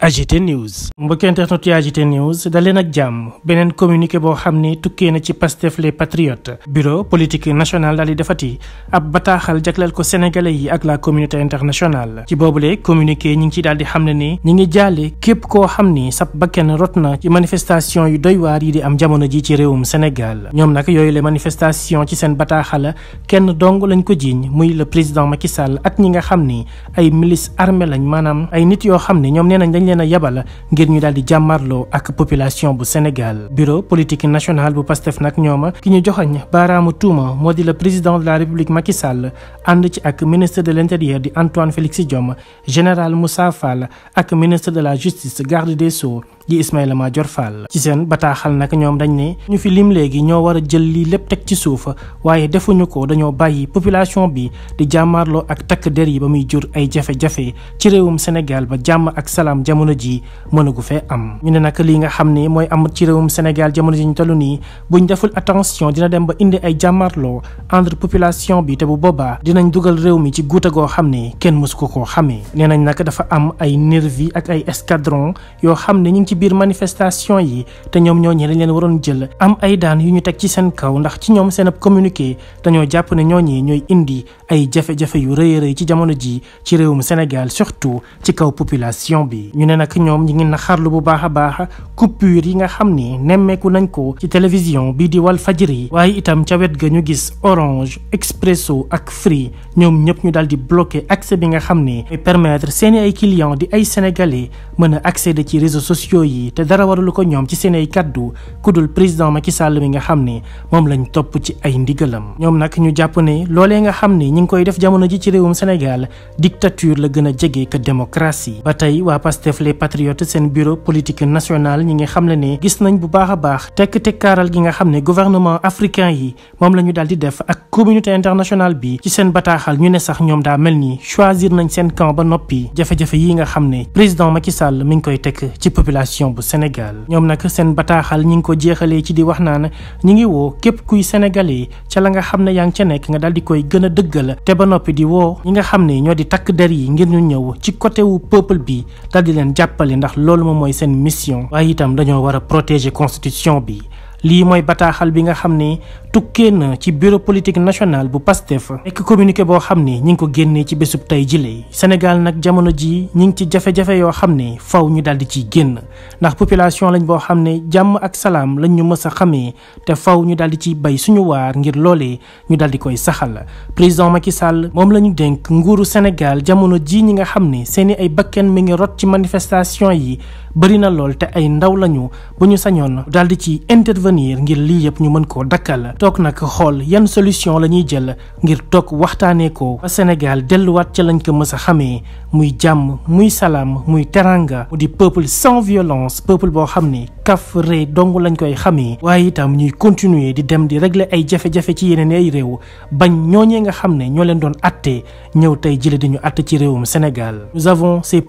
AGT News mbokki internet yi AGT News daleen ak jàmm beneen communiqué boo xam ne tukkee na ci Pastef les patriotes bureau politique national daal di defati ab bataaxal jagleel ko sénégalais yi ak la communauté internationale ci boobule communiqué ñi ngi ciy daal di xam ne ni ñi ngi jaale képp koo xam ni sab kenn rot na ci manifestation yi doy waar yi di am jamono ji ci réewum Sénégal ñoom nag yooyu la manifestation ci seen bataaxal kenn dong lañ ko jiiñ muy le président Macky Sall ak ñi nga xam ni ay milices armées lañ maanaam ay nit yoo xam ne ñoom nee leen a yebal ngir ñu daal di jàmmarloo ak population bu Sénégal bureau politique nationale bu Pastef nag ñooma ki ñu joxañ baaraamu tuuma moo di le président de la république Macky Sall ànd ci ak ministre de l'intérieur di Antoine Félix Diome général Moussa ak ministre de la justice garde des Sceaux di Ismaïla Madior Fall ci seen bataaxal nag ñoom dañ ne ñu fi lim léegi ñoo war a jël lii lépp teg ci suufa waaye defuñu ko dañoo bàyyi population bi di jàmmaarloo ak takk der yi ba muy jur ay jafe-jafe ci réewum Sénégal ba jàmm ak salaam jamono ji mënagu fee am ñu ne nag lii nga xam ne mooy am ci réewum Sénégal jamono ji ñu toll nii buñ deful attention dina dem ba indi ay jàmmaarloo entre population bi te bu boobaa dinañ dugal réew mi ci guuta goo xam ne kenn mësu ko koo xamee nee nañ nag dafa am ay nervi ak biir manifestation yi te ñoom ñooñee dañ leen waroon jël am ay daan yu ñu teg ci seen kaw ndax ci ñoom seen ab communiqué dañoo jàpp ne ñooñee ñooy indi ay jafe-jafe yu rëy rëy ci jamono ji ci réewum Sénégal surtout ci kaw population bi ñu ne nag ñoom ñi ngi xarlu bu baax a baax coupure yi nga xam ni nemmeeku nañ ko ci télévision bii di Walf Fadjri waaye itam ca wet ga ñu gis Orange Expresso ak Free ñoom ñëpp ñu daal di bloqué accès bi nga xam ne permettre seeni ay clients ay sénégalais mën a yi te dara waralu ko ñoom ci seen ay kàddu kudul président Macky Sall mi nga xam ne moom lañ topp ci ay ndigalam. ñoom nag ñu jàpp ne loolee nga xam ne ñi ngi koy def jamono ji ci réewum Sénégal dictature la gën a jege que démocratie. ba tey waa Pastef les patriotes seen bureau politique nationale ñi ngi xamle ne gis nañ bu baax a baax tekk tekkaaral gi nga xam ne gouvernement africain yi moom la ñu def ak communauté internationale bi ci seen constitution bu Sénégal ñoom nag seen bataaxal ñi ngi ko jeexalee ci di wax naa naan ñi ngi woo képp kuy sénégalais ca la nga xam ne yaa ngi ca nekk nga daal di koy gën a dëggal te ba noppi di woo ñi nga xam ne ñoo di takk der yi ngir ñu ñëw ci côté wu peuple bi daal leen jàppale ndax loolu moom mooy seen mission waaye itam dañoo war a protéger constitution bi lii mooy bataaxal bi nga xam ne tukkee na ci bureau politique national bu PASTEF nekk communiqué boo xam ne ñi ngi ko génnee ci bésub tey jilee Sénégal nag jamono ji ñi ngi ci jafe yoo xam ne faw ñu daal di ciy génn ndax population lañ boo xam ne jàmm ak salaam lañ ñu mës a xamee te faw ñu daal di ciy bay suñu waar ngir loolee ñu daal di koy saxal président Macky Sall moom la ñu dénk nguuru Sénégal jamono ji ñi nga xam ne seen ay bakken mi ngi rot ci manifestation yi bëri na lool te ay ndaw lañu bu ñu sañoon daal di ci intervenir ngir lii yëpp ñu mën koo dakkal toog nag xool yan solution la ñuy jël ngir toog waxtaanee ko Sénégal delluwaat ci lañ ko mës a xamee muy jàmm muy salaam muy teranga mu di peuple sans violence peuple boo xam ne kaf ree dong lañ koy xamee waaye itam ñuy continuer di dem di régler ay jafe-jafe ci yeneen ay réew bañ ñooñee nga xam ne ñoo leen doon atte ñëw tey jële di ñu atte ci réewum Sénégal nous avons ces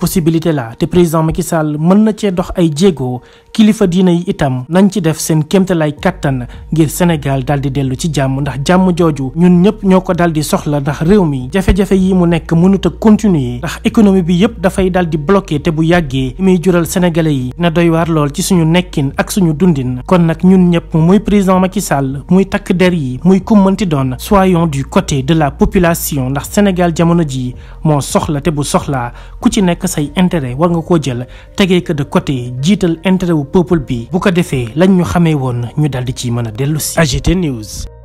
na cee dox ay jéego kilifa diina yi itam nañ ci def seen kéemtalaay kattan ngir Sénégal daal di dellu ci jàmm ndax jàmm jooju ñun ñëpp ñoo ko daal di soxla ndax réew mi jafe-jafe yi mu nekk mënut a continuer ndax économie bi yëpp dafay daal di bloqué te bu yàggee li muy jural sénégalais yi na doy waar lool ci suñu nekkin ak suñu dundin kon nag ñun ñëpp muy président ma ci sàll muy takk der yi muy ku mënti doon soyons du côté de la population ndax Sénégal jamono jii moo soxla te bu soxlaa ku ci nekk say intérêt war nga koo jël tegee côté jiital intérêt peuple bi bu ko defee lañ ñu xamee woon ñu daldi ci mën a dellusi AGT News